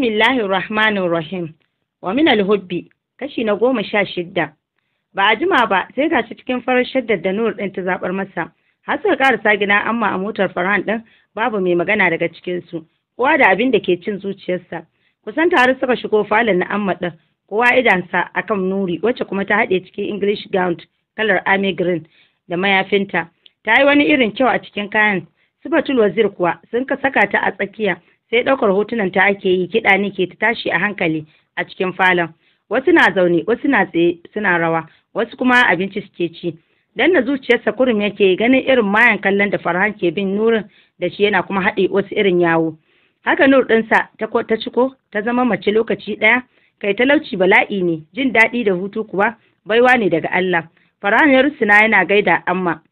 Bismillahir Rahmanir Rahim wa min al-hubbi kashi na goma sha shidda ba a jima ba sai ga shi cikin farar shaddar da Nur ɗin ta zabar masa har suka karasa gina amma a motar Farhan ɗin babu mai magana daga cikin su kowa da abin da ke cin zuciyarsa kusan tare saka shigo falon na ahmad ɗin kowa idansa akan Nuri wacce kuma ta haɗe cikin English gown kalar army green da mayafinta ta yi wani irin kyau a cikin kayan Sifatul Wazir kuwa sun ka saka ta a tsakiya sai ɗaukar hotunan ta ake yi kiɗa ne ke ta tashi a hankali a cikin falon wasu na zaune wasu na tsaye suna rawa wasu kuma abinci suke ci dan na zuciyarsa kurum yake ganin irin mayan kallon da farhan ke bin nurin da shi yana kuma haɗe wasu irin yawo haka nur ɗinsa ta ciko ta zama mace lokaci ɗaya kai talauci bala'i ne jin daɗi da hutu kuwa baiwa ne daga Allah Farhan ya rusuna yana gaida amma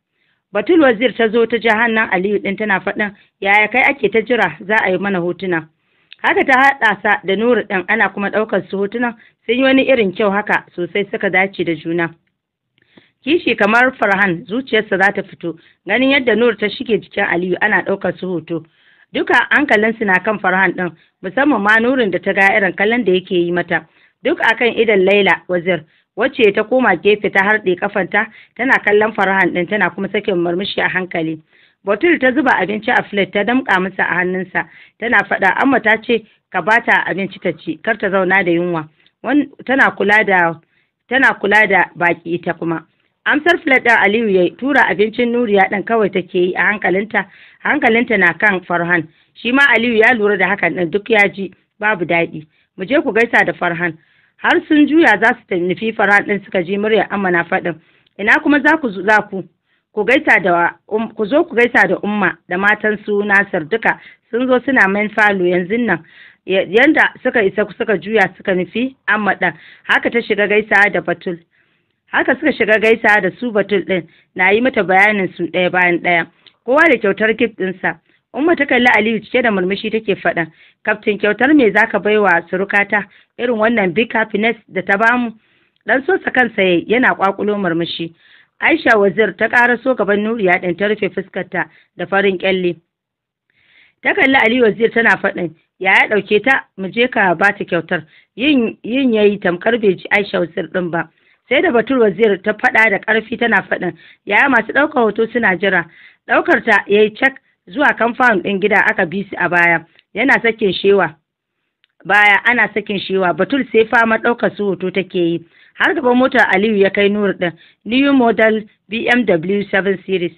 Batul Wazir ta zo ta ji hannun Aliyu ɗin tana faɗin yaya kai ake ta jira za a yi mana hotuna. Haka ta haɗa sa da Nuru ɗin ana kuma ɗaukar su hotunan sun yi wani irin kyau haka sosai suka dace da juna. Kishi kamar Farhan zuciyarsa za ta fito ganin yadda Nuru ta shige jikin Aliyu ana ɗaukar su hoto. Duka hankalinsu na kan Farhan ɗin musamman ma Nurin da ta ga irin kallon da yake yi mata. Duk akan idan Laila Wazir wacce ta koma gefe ta harɗe kafanta tana kallon farhan ɗin tana kuma sake murmushi a hankali botul ta zuba abinci a filet ta damƙa masa a hannunsa tana faɗa amma ta ce ka bata abinci ta ci kar ta zauna da yunwa tana kula da tana kula da baki ita kuma amsar filet ɗin Aliyu ya tura abincin Nuriya ɗin kawai take yi a hankalinta hankalinta na kan Farhan shi ma Aliyu ya lura da hakan ɗin duk ya ji babu daɗi mu je ku gaisa da Farhan har sun juya za su nufi faran ɗin suka ji murya amana na faɗin ina kuma za ku za ku ku gaita da um, ku zo ku gaisa da umma da matan su Nasir duka sun zo suna main falo yanzu nan yanda suka isa suka juya suka nufi amma ɗan haka ta shiga gaita da Batul haka suka shiga gaisa da su Batul ɗin na yi mata bayanin su ɗaya bayan ɗaya kowa da kyautar kif ɗinsa Umma ta kalli Aliyu cike da murmushi take faɗa. Kaftin kyautar me zaka baiwa surukata irin wannan big happiness da ta bamu? Dan sosa kansa yana kwakulo murmushi. Aisha Wazir ta ƙara so gaban Nuriya ɗin ta rufe fuskarta da farin kyalle Ta kalli Aliyu Wazir tana faɗin, ya ya ɗauke ta mu je ka ba ta kyautar. Yin yin yayi tamkar bai ji Aisha Wazir ɗin ba. Sai da Batul Wazir ta faɗa da ƙarfi tana faɗin, yaya masu ɗaukar hoto suna jira. Ɗaukar ta yayi cak zuwa kamfan ɗin gida aka bi su a baya yana sakin shewa baya ana sakin shewa batul sai fama ɗaukar su hoto take yi har gaba motar aliyu ya kai nuru ɗin new model bmw 7 series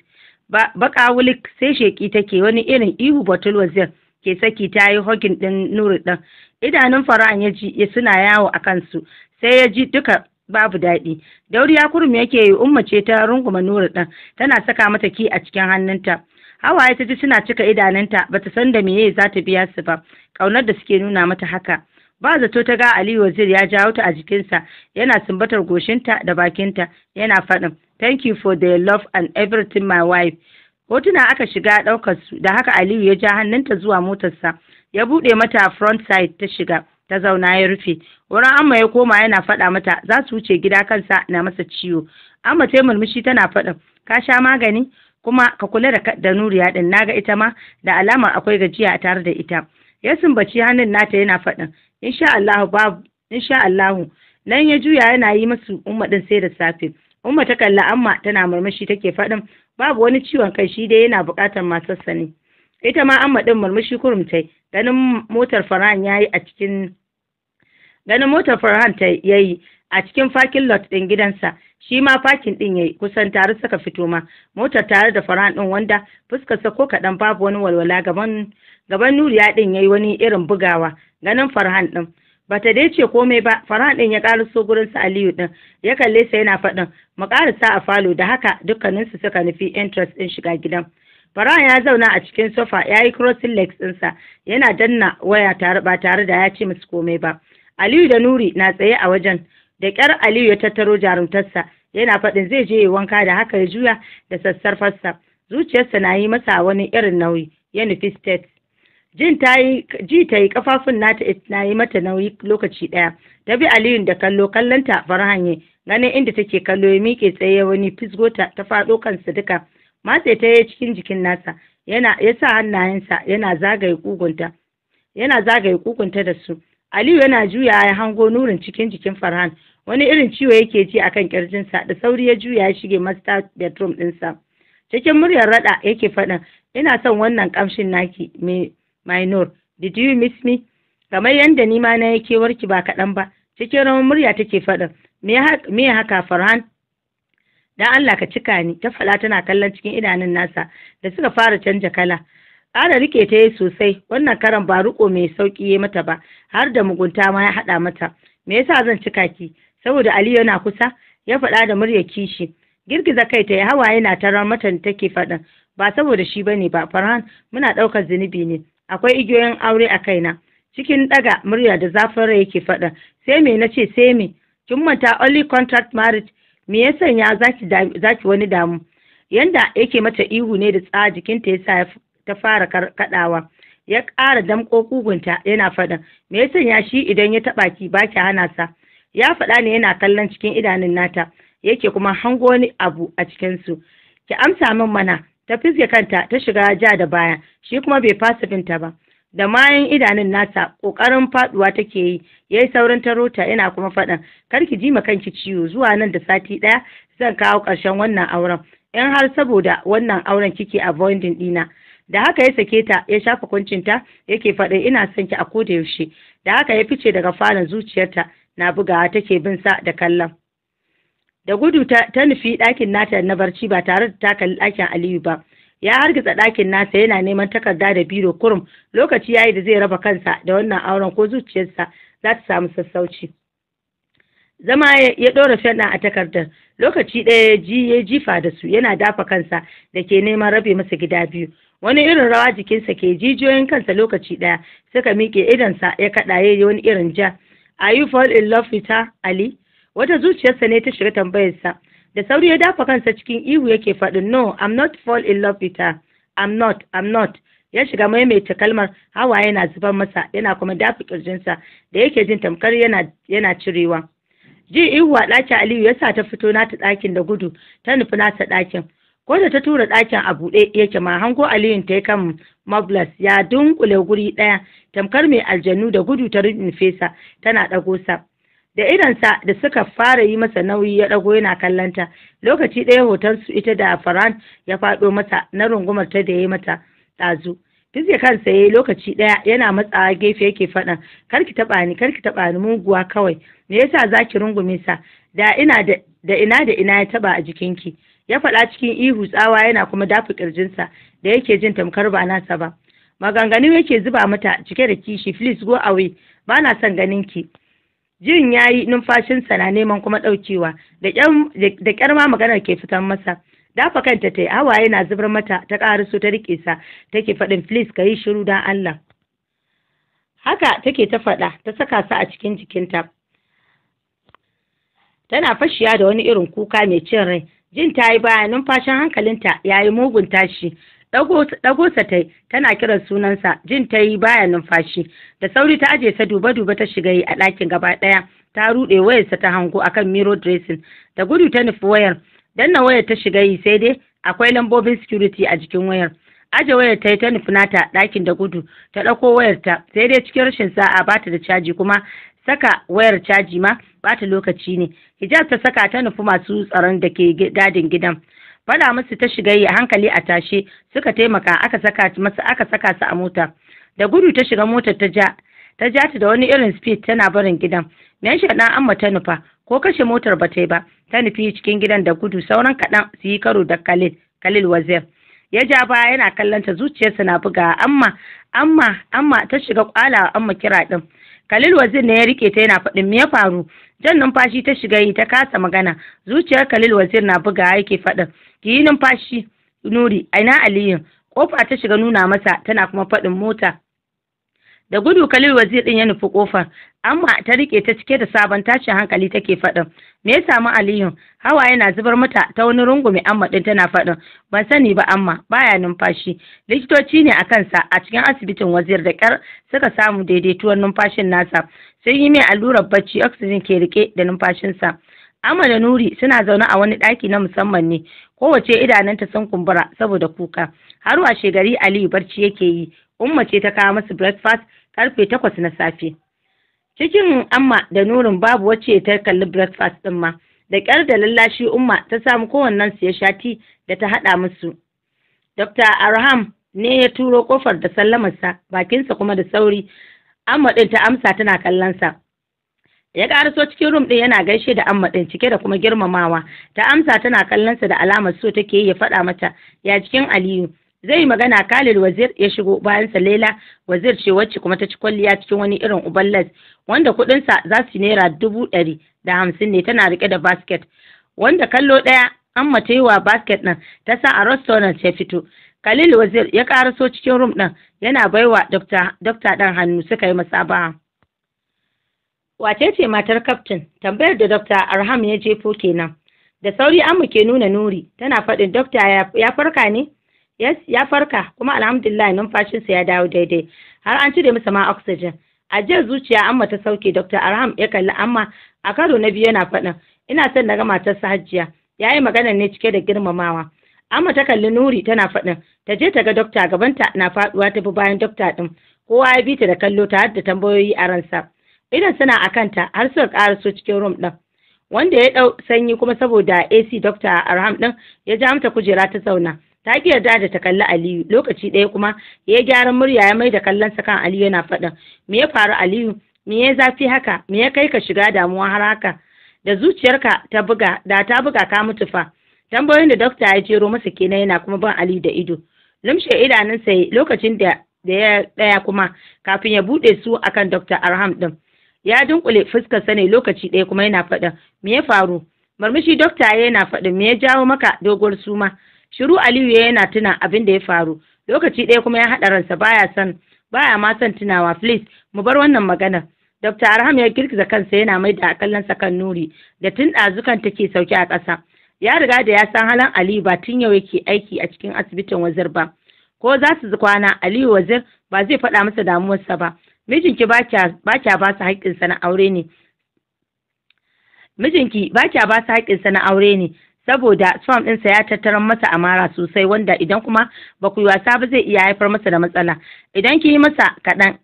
baka wulik sai sheki take wani irin ihu batul wazir ke saki ta yi hogin ɗin nuru ɗin idanun fara'an ya ji suna yawo a kansu sai ya ji duka babu daɗi dauri ya kurmi yake yi umma ce ta runguma nuru ɗin tana saka mata ki a cikin hannunta hawaye ta ji suna cika idanunta bata san da meye za ta biya su ba ƙaunar da suke nuna mata haka ba zato ta ga Aliyu Wazir ya jawo ta a jikinsa yana sumbatar goshinta da bakinta yana faɗin thank you for the love and everything my wife hotuna aka shiga ɗaukar su da haka Aliyu ya ja hannunta zuwa motarsa ya buɗe mata front side ta shiga ta zauna ya rufe wurin amma ya koma yana faɗa mata za su wuce gida kansa na masa ciwo amma ta murmushi tana faɗin ka sha magani kuma ka kula da da nuriya din naga ita ma da alama akwai gajiya tare da ita ya sumbaci hannun nata yana faɗin insha Allah babu insha Allah nan ya juya yana yi musu umma din sai da safe umma ta kalla amma tana murmushi take faɗin babu wani ciwon kai shi dai yana buƙatar masu ne ita ma amma din murmushi kurumtai ganin motar Farhan yayi a cikin ganin motar Farhan ta yayi a cikin fakin lot ɗin gidansa shi ma fakin ɗin yayi kusan tare suka fito ma motar tare da faran ɗin wanda fuskarsa ko kaɗan babu wani walwala gaban gaban ya ɗin yayi wani irin bugawa ganin farhan ɗin bata dai ce komai ba farhan ɗin ya so gurin sa aliyu ɗin ya kalle sa yana faɗin mu sa a falo da haka dukkaninsu suka nufi entrance ɗin shiga gidan Farhan ya zauna a cikin sofa ya yi crossing legs ɗinsa yana danna waya tare ba tare da ya ce musu komai ba. Aliyu da Nuri na tsaye a wajen da ƙyar aliyu ya tattaro jarumtarsa yana faɗin zai je ya wanka da haka ya juya da sassarfarsa zuciyarsa na yi masa wani irin nauyi ya nufi state jin ta yi ji ta yi kafafun nata eh, na yi mata nauyi lokaci ɗaya ta bi Aliyu da kallo kallonta farhan ya ganin inda take kallo ya miƙe tsaye wani fisgota ta faɗo kansa duka matse ta yi cikin jikin nasa yana ya sa hannayensa yana zagaye kugunta yana zagaye kugunta da su aliyu yana juya ya hango nurin cikin jikin farhan wani irin ciwo yake ji akan kirjinsa da sauri ya juya ya shige master bedroom ɗinsa cikin muryar rada yake faɗin ina son wannan kamshin naki me minor did you miss me kamar yadda ni ma na yake warki ba kaɗan ba cikin rawar murya take faɗin me ya haka farhan dan Allah ka cika ni ta faɗa tana kallon cikin idanun nasa da suka fara canja kala ƙara rike ta yi sosai wannan karan ba riko mai sauƙi ya mata ba har da mugunta ma ya haɗa mata me yasa zan cika ki saboda Aliyu yana kusa ya faɗa da muryar kishi girgiza kai ta hawa yana tarar mata take faɗin ba saboda shi bane ba Farhan muna ɗaukar zunubi ne akwai igiyoyin aure a kaina cikin ɗaga murya da zafin yake faɗa sai me nace sai me kin manta only contract marriage me ya sanya zaki zaki wani damu yanda yake mata ihu ne da tsa jikinta yasa ta fara kaɗawa ya ƙara damko kugunta, yana faɗin me ya sanya shi idan ya taɓa ki ba ki hana sa ya faɗa ne yana kallon cikin idanun nata yake kuma hango wani abu a cikinsu ki amsa min mana ta fiske kanta ta shiga ja da baya shi kuma bai fasa binta ba da mayan idanun nata ƙoƙarin faɗuwa take yi yayi saurin tarota yana kuma faɗan kar ki ji ma kanki ciwo zuwa nan da sati ɗaya zan kawo ƙarshen wannan auren in har saboda wannan auren kike avoiding ɗina da haka ya sake ta ya shafa kuncinta yake faɗin ina son ki a koda yaushe da haka ya fice daga falon zuciyarta na bugawa take bin sa da kallon da gudu ta nufi ɗakin nata na barci ba tare da ta kalli ɗakin aliyu ba ya hargitsa ɗakin nasa yana neman takarda da biro kurum lokaci yayi da zai raba kansa da wannan auren ko zuciyarsa za ta samu sassauci zama ya ɗora fyaɗa a takardar lokaci ɗaya ya ji ya jifa da su yana dafa kansa da ke neman rabe masa gida biyu wani irin rawa jikinsa ke jijiyoyin kansa lokaci ɗaya suka miƙe idonsa ya kaɗa ya yi wani irin ja are you fall in love with her ali wata zuciyarsa ne ta shiga tambayarsa da sauri ya dafa kansa cikin ihu yake faɗin no i'm not fall in love with her i'm not i'm not ya shiga maimaita kalmar hawa yana zubar masa yana kuma dafa ƙirjinsa, da yake jin tamkar yana yana cirewa ji ihu a ɗakin aliyu ya sa ta fito nata ɗakin da gudu ta nufi nata ɗakin ko da ta tura ɗakin a buɗe yake ma hango aliyun ta kan mablas ya dunkule guri ɗaya tamkar mai aljanu da gudu ta rubin fesa tana ɗago sa da idansa da suka fara yi masa nauyi ya ɗago yana kallonta lokaci ɗaya hoton su ita da faran ya faɗo mata na rungumar ta da ya mata ɗazu fiske kansa yi lokaci ɗaya yana matsawa gefe yake faɗan karki taɓa ni karki ki taɓa ni muguwa kawai me yasa zaki rungume sa da ina da da ina da ina ya taba a jikinki ya faɗa cikin ihu tsawa yana kuma dafa ƙirjinsa, da yake jin tamkar ba nasa ba maganganu yake zuba mata cike da kishi please go away ba na son ganin ki jin yayi numfashinsa na neman kuma ɗaukewa da ƙyar ma maganar ke fitan masa dafa kanta ta yi hawaye na zubar mata ta so ta riƙe sa take faɗin please ka yi shiru don Allah haka take ta faɗa ta saka sa a cikin jikinta tana fashiya da wani irin kuka mai cin rai jin ta yi baya numfashin hankalinta ya yi mugun tashi ɗagosa ta tana kiran sunansa jin ta yi baya numfashi da sauri ta aje sa duba-duba ta shiga yi a ɗakin gaba ɗaya ta ruɗe wayarsa ta hango akan miro dressing da gudu ta nufi wayar danna wayar ta shiga yi sai dai akwai lambobin security a jikin wayar aje wayar ta yi ta nufi nata ɗakin da gudu ta ɗauko wayar ta sai dai cikin rashin sa'a ba ta da caji kuma saka wayar caji ma bata lokaci ne hijab ta saka ta nufi masu tsaron da ke gadin gidan fada musu ta shiga yi hankali a tashe suka taimaka aka saka masa aka saka su a mota da gudu ta shiga motar ta ja ta ja ta da wani irin speed tana barin gidan shi ɗan amma ta nufa ko kashe motar ba ta yi ba ta nufi cikin gidan da gudu sauran kaɗan su yi karo da khalil khalil wazir ya ja baya yana kallon zuciyarsa na buga amma amma amma ta shiga kwalawa amma kira din Khalil Wazir ne ya rike ta yana faɗin me ya faru jan numfashi ta shiga yi ta kasa magana zuciyar Khalil Wazir na buga yake faɗin ki yi numfashi Nuri aina Aliyu kofa ta shiga nuna masa tana kuma faɗin mota da gudu Kalil Wazir din ya nufi kofar amma ta rike ta cike da sabon tashin hankali take faɗin me ya samu aliyu hawa yana zubar mata ta wani rungumi amma din tana faɗin ban sani ba amma baya numfashi likitoci ne a kansa a cikin asibitin wazir da ƙyar suka samu daidaituwar numfashin nasa sun yi mai allurar bacci oxygen ke rike da numfashinsa Amma da Nuri suna zaune a wani ɗaki na musamman ne, kowace idanunta sun kumbura saboda kuka. Har washe gari Aliyu barci yake yi, Umma ce ta kawo masu breakfast karfe takwas na safe. cikin amma da nurin babu wacce ta kalli breakfast din ma da kyar da lallashi umma ta samu kowannen su ya shati da ta haɗa musu dr arham ne ya turo kofar da sallamarsa bakinsa kuma da sauri amma ɗin ta amsa tana kallonsa ya ƙaraso cikin rum ɗin yana gaishe da amma ɗin cike da kuma girmamawa ta amsa tana kallonsa da alamar so take yi ya faɗa mata ya cikin aliyu zai magana Khalil Wazir ya shigo bayansa Laila Wazir ce wacce kuma ta ci kwalliya cikin wani irin uballas wanda kuɗinsa za su naira dubu ɗari da hamsin ne tana rike da basket wanda kallo ɗaya an mata yi wa basket ɗin ta sa a restaurant ya fito Khalil Wazir ya ƙaraso cikin rum ɗin yana baiwa dokta ɗan hannu suka yi masabaha. Wace ce matar kaftin? Tambayar da Dokta Arham ya jefo kenan. Da sauri amuke ke nuna nuri tana faɗin Dokta ya farka ne? yes ya farka kuma alhamdulillah numfashinsa ya dawo daidai har an cire masa ma oxygen a jiya zuciya amma ta sauke dr arham ya kalli amma a karo na biyu yana faɗin ina son na ga matarsa hajjiya ya yi magana ne cike da girmamawa amma ta kalli nuri tana faɗin ta je ta ga dokta gabanta na faɗuwa ta bi bayan dokta ɗin kowa ya bi ta da kallo ta da tambayoyi a ransa idan suna a kanta har suka su cikin rum ɗin wanda ya ɗau sanyi kuma saboda ac dokta arham ɗin ya ja mata kujera ta zauna ta ki yarda da ta kalli Aliyu lokaci ɗaya kuma ya gyaran murya ya maida kallon sa kan Aliyu yana faɗin me ya faru Aliyu me ya zafi haka me ya kai ka shiga damuwa har haka da zuciyarka ta buga da ta buga ka mutu fa tambayoyin da dokta ya jero masa kenan yana kuma ban Aliyu da ido lumshe idanunsa lokacin da da ya ɗaya kuma kafin ya buɗe su akan Dokta Arham ɗin. Ya dunkule fuskar sa ne lokaci ɗaya kuma yana faɗin me ya faru? Marmishi dokta yana faɗin me ya jawo maka doguwar suma? shiru aliyu ya yana tuna abin da ya faru lokaci ɗaya kuma ya haɗa ransa baya son baya ma son tunawa please mu bar wannan magana Dr. Arham ya girgiza kansa yana mai da akallansa kan Nuri da tun ɗazukan take sauke a ƙasa. Ya riga da ya san halin Aliyu ba tun yau yake aiki a cikin asibitin Wazir ba. Ko za su kwana Aliyu Wazir ba zai faɗa masa damuwarsa ba. Mijinki ba kya ba su haƙƙinsa na aure ne. Mijinki ba kya ba su haƙƙinsa na aure ne. saboda sperm ɗinsa ya tattara masa amara sosai wanda idan kuma ba ku yi wasa ba zai iya haifar masa da matsala idan kin masa kaɗan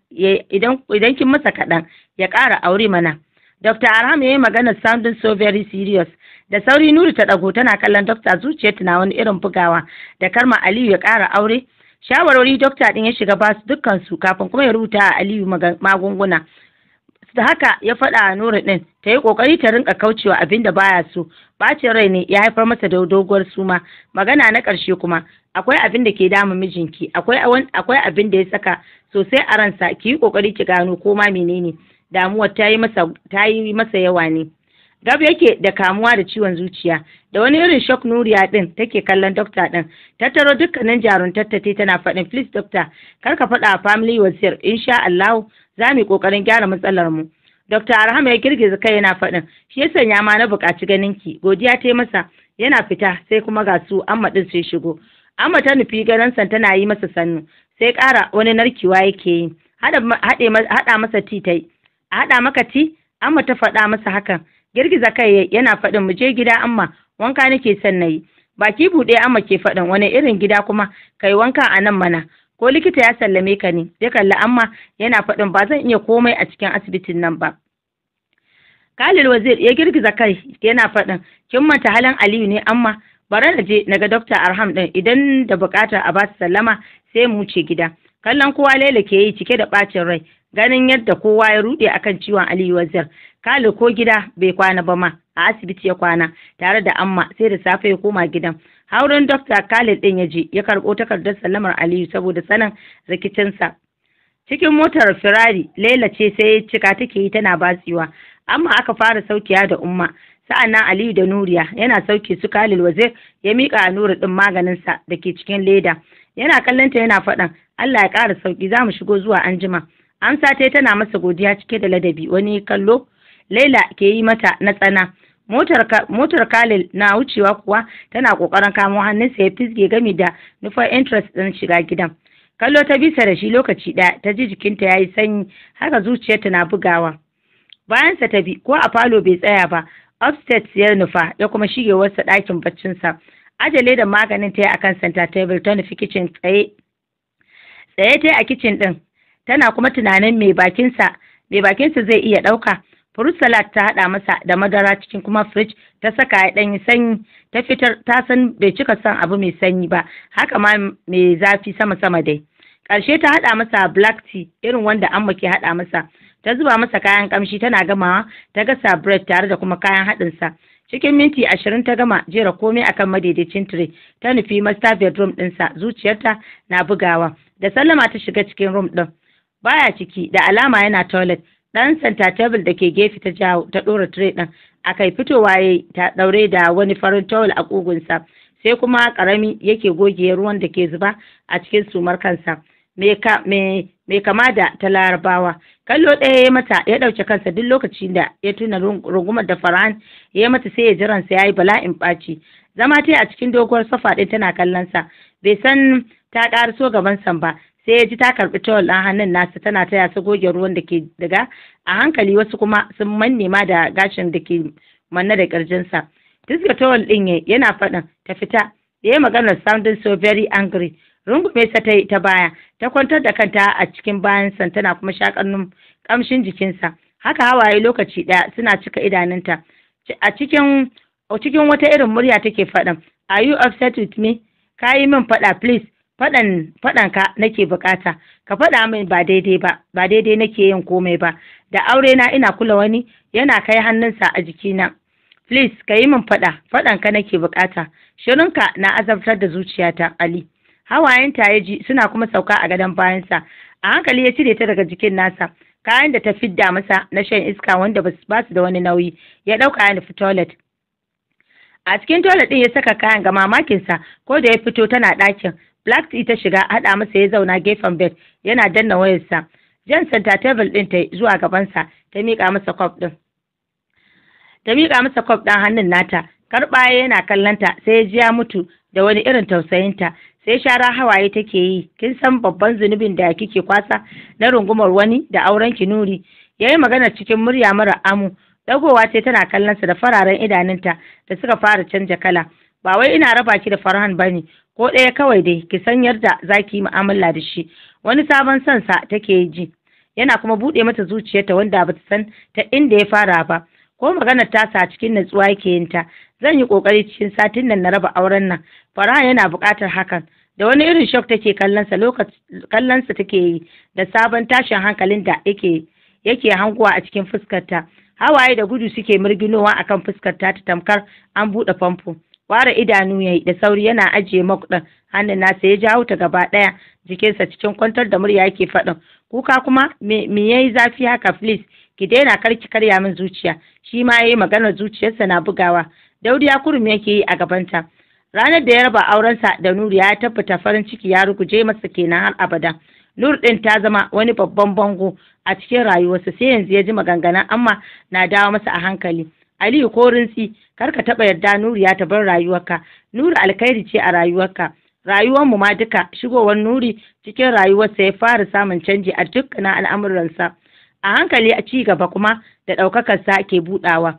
idan ki masa kaɗan ya ƙara aure mana Dr. arham ya yi maganar sounding so very serious da sauri Nuru ta ɗago tana kallon dokta zuciya tana wani irin bugawa da karma Aliyu ya ƙara aure shawarwari dokta ɗin ya shiga ba su dukkan kafin kuma ya rubuta a Aliyu magunguna da haka ya faɗa a nura ɗin ta yi ƙoƙari ta rinka kaucewa abin da baya so bacin rai ne ya haifar masa da doguwar suma magana na ƙarshe kuma akwai abin da ke dama mijinki akwai abin da ya saka sosai a ransa ki yi ƙoƙari ki gano ko ma menene damuwar ta yi masa yawa ne gab yake da kamuwa da ciwon zuciya da wani irin shock nuriya din take kallon dokta din tattaro dukkanin ta tana faɗin please dokta kar ka faɗa family wasir insha Allah za mu yi ƙoƙarin gyara matsalar mu Dr. Arham ya girgiza kai yana faɗin shi ya sanya ma na buƙaci ganin ki godiya ta masa yana fita sai kuma ga su amma din sai shigo amma ta nufi ganin tana yi masa sannu sai ƙara wani narkewa yake yi haɗa masa ti tai a haɗa maka ti amma ta faɗa masa hakan girgiza kai yana faɗin mu je gida amma wanka nake son na yi baki buɗe amma ke faɗin wani irin gida kuma kai wanka a nan mana ko likita ya sallame ka ne ya kalli amma yana faɗin ba zan iya komai a cikin asibitin nan ba Khalil Wazir ya girgiza kai yana faɗin kin manta halin Aliyu ne amma bari na je naga Dr. Arham din idan da bukata a ba basu sallama sai mu ce gida kallon kowa Laila ke yi cike da bacin rai ganin yadda kowa ya rude akan ciwon Aliyu Wazir Khalil ko gida bai kwana ba ma a asibiti ya kwana tare da amma sai da safe ya koma gidan hauren dokta khalid din ya je ya karɓo takardar sallamar aliyu saboda sanin rikicinsa cikin motar firari laila ce sai ya cika take yi tana batsiwa. amma aka fara saukiya da umma sa'annan aliyu da nuriya yana sauke su khalil wazir ya miƙa nuri din maganinsa da ke cikin leda yana kallonta yana faɗan allah ya ƙara sauki za mu shigo zuwa anjima An ta tana masa godiya cike da ladabi wani kallo laila ke yi mata na tsana motar Khalil na wucewa kuwa tana kokarin kamo hannunsa ya fisge gami da nufar interest din shiga gidan kallo ta bisa da shi lokaci ɗaya ta ji jikinta ya yi sanyi haka zuciyarta na bugawa bayansa ta bi ko a falo bai tsaya ba upstairs ya nufa ya kuma shige dakin ɗakin sa ajale da maganin ta yi akan center table ta nufi kicin tsaye tsaye ta yi a kicin ɗin tana kuma tunanin mai mai bakinsa zai iya ɗauka fruit salad ta haɗa masa da madara cikin kuma fridge ta saka ya ɗanyi sanyi ta fitar ta san bai cika son abu mai sanyi ba haka ma mai zafi sama sama dai karshe ta haɗa masa black tea irin wanda amma ke haɗa masa ta zuba masa kayan kamshi tana gamawa ta gasa bread tare da kuma kayan sa cikin minti ashirin ta gama jera komai akan madaidaicin tire ta nufi master bedroom ɗinsa zuciyarta na bugawa da sallama ta shiga cikin room ɗin baya ciki da alama yana toilet dan santa table da ke gefe ta jawo ta ɗora tire din a kai fitowa ya ta daure da wani farin tawul a kugunsa sai kuma ƙarami yake goge ruwan da ke zuba a cikin sumar kansa Me kama da ta larabawa kallo ɗaya ya mata ya ɗauke kansa duk lokacin da ya tuna rungumar da farhan ya mata sai ya jiran sa ya yi bala'in ɓaci zama ta a cikin doguwar safa ɗin tana kallon sa bai san ta ƙaraso gaban san ba sai ya ji ta karɓi tawul ɗan hannun nasa tana taya su goge ruwan da ke daga a hankali wasu kuma sun manne ma da gashin da ke manne da ƙirjinsa diska tawul ɗin yana faɗin ta fita ya yi maganar sounding so very angry rungume sa ta yi ta baya ta kwantar da kanta a cikin bayan san tana kuma shakar kamshin jikinsa haka hawaye lokaci ɗaya suna cika idanunta a cikin cikin wata irin murya take faɗin are you upset with me ka yi min faɗa please faɗan faɗan ka nake bukata ka faɗa min ba daidai ba ba daidai nake yin komai ba da aure na ina kula wani yana kai hannunsa a jikina please ka yi min faɗa faɗan ka nake bukata shirinka na azabtar da zuciyata ali hawayen ya ji suna kuma sauka a gadon bayansa a hankali ya cire ta daga jikin nasa kayan da ta fidda masa na shan iska wanda ba su da wani nauyi ya ɗauka ya nufi toilet a cikin toilet ɗin ya saka kayan ga mamakinsa ko da ya fito tana ɗakin Black tea ta shiga haɗa masa ya zauna gefen bed yana danna wayarsa. Jensen ta table ɗin ta zuwa gabansa ta miƙa masa kwaf ɗin. Ta miƙa masa kwaf ɗin hannun nata. Karɓa yana kallonta sai ya ji ya mutu da wani irin tausayinta. Sai shara hawaye take yi. Kin san babban zunubin da kike kwasa na rungumar wani da auren ki nuri. Ya yi magana cikin murya mara amu. Dagowa sai tana kallonsa da fararen idanunta da suka fara canja kala. ba wai ina raba ki da farhan ba ne ko ɗaya kawai dai ki san yadda zaki ki yi mu'amala da shi wani sabon son sa take ji yana kuma buɗe mata zuciyarta wanda ba ta san ta inda ya fara ba ko magana ta sa cikin natsuwa yake yin ta zan yi ƙoƙari cikin satin nan na raba auren nan farhan yana buƙatar hakan da wani irin shock take kallonsa kallonsa take yi da sabon tashin hankalin da yake yake hanguwa a cikin fuskarta hawaye da gudu suke murginowa akan fuskarta ta tamkar an buɗe famfo ware idanu yayi da sauri yana ajiye mok din hannun nasa ya jawo ta gaba daya jikinsa cikin kwantar da murya yake faɗin kuka kuma me yayi zafi haka please ki daina kar ki karya min zuciya shi ma yayi maganar zuciyarsa na bugawa ya kurum yake yi a gabanta ranar da ya raba aurensa da nuri ya tabbata farin ciki ya ruguje masa kenan har abada nur din ta zama wani babban bango a cikin rayuwarsa sai yanzu ya ji maganganun amma na dawo masa a hankali aliyu ko rintsi kar ka taɓa yarda nuriya ta bar rayuwarka nuri alkhairi ce a rayuwarka rayuwar mu ma duka shigowar nuri cikin rayuwarsa ya fara samun canji a dukkanin al'amuransa a hankali a ci gaba kuma da sa ke buɗawa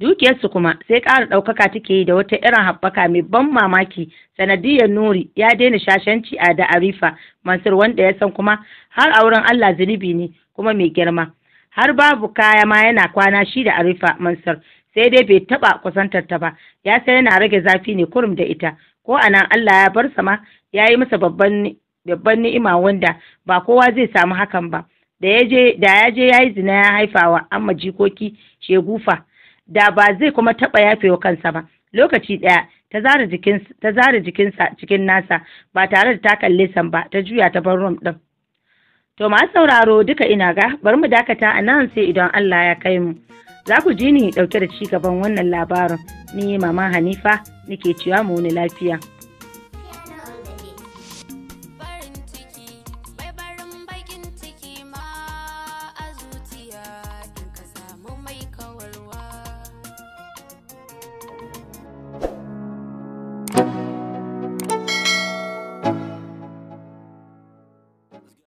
dukiyarsu kuma sai ƙara ɗaukaka take yi da wata irin haɓaka mai ban mamaki sanadiyar nuri ya daina shashanci a da arifa mansur wanda ya san kuma har auren allah zunubi ne kuma mai girma har babu kaya ma yana kwana shi da arifa mansur sai dai bai taɓa kusantar ta ba ya sai yana rage zafi ne kurum da ita ko anan Allah ya bar sama ya yi masa babban babban ni'ima wanda ba kowa zai samu hakan ba da ya je da ya je yayi zina ya haifawa amma jikoki shegufa da ba zai kuma taba yafewa kansa ba lokaci daya ta zara jikin ta zara jikinsa cikin nasa ba tare da ta kalle san ba ta juya ta bar room din to ma sauraro duka ina ga bari mu dakata anan sai idan Allah ya kai mu Za ku ji ni ɗauke da ci gaban wannan labarin, ni Mama Hanifa nake cewa mu wani lafiya.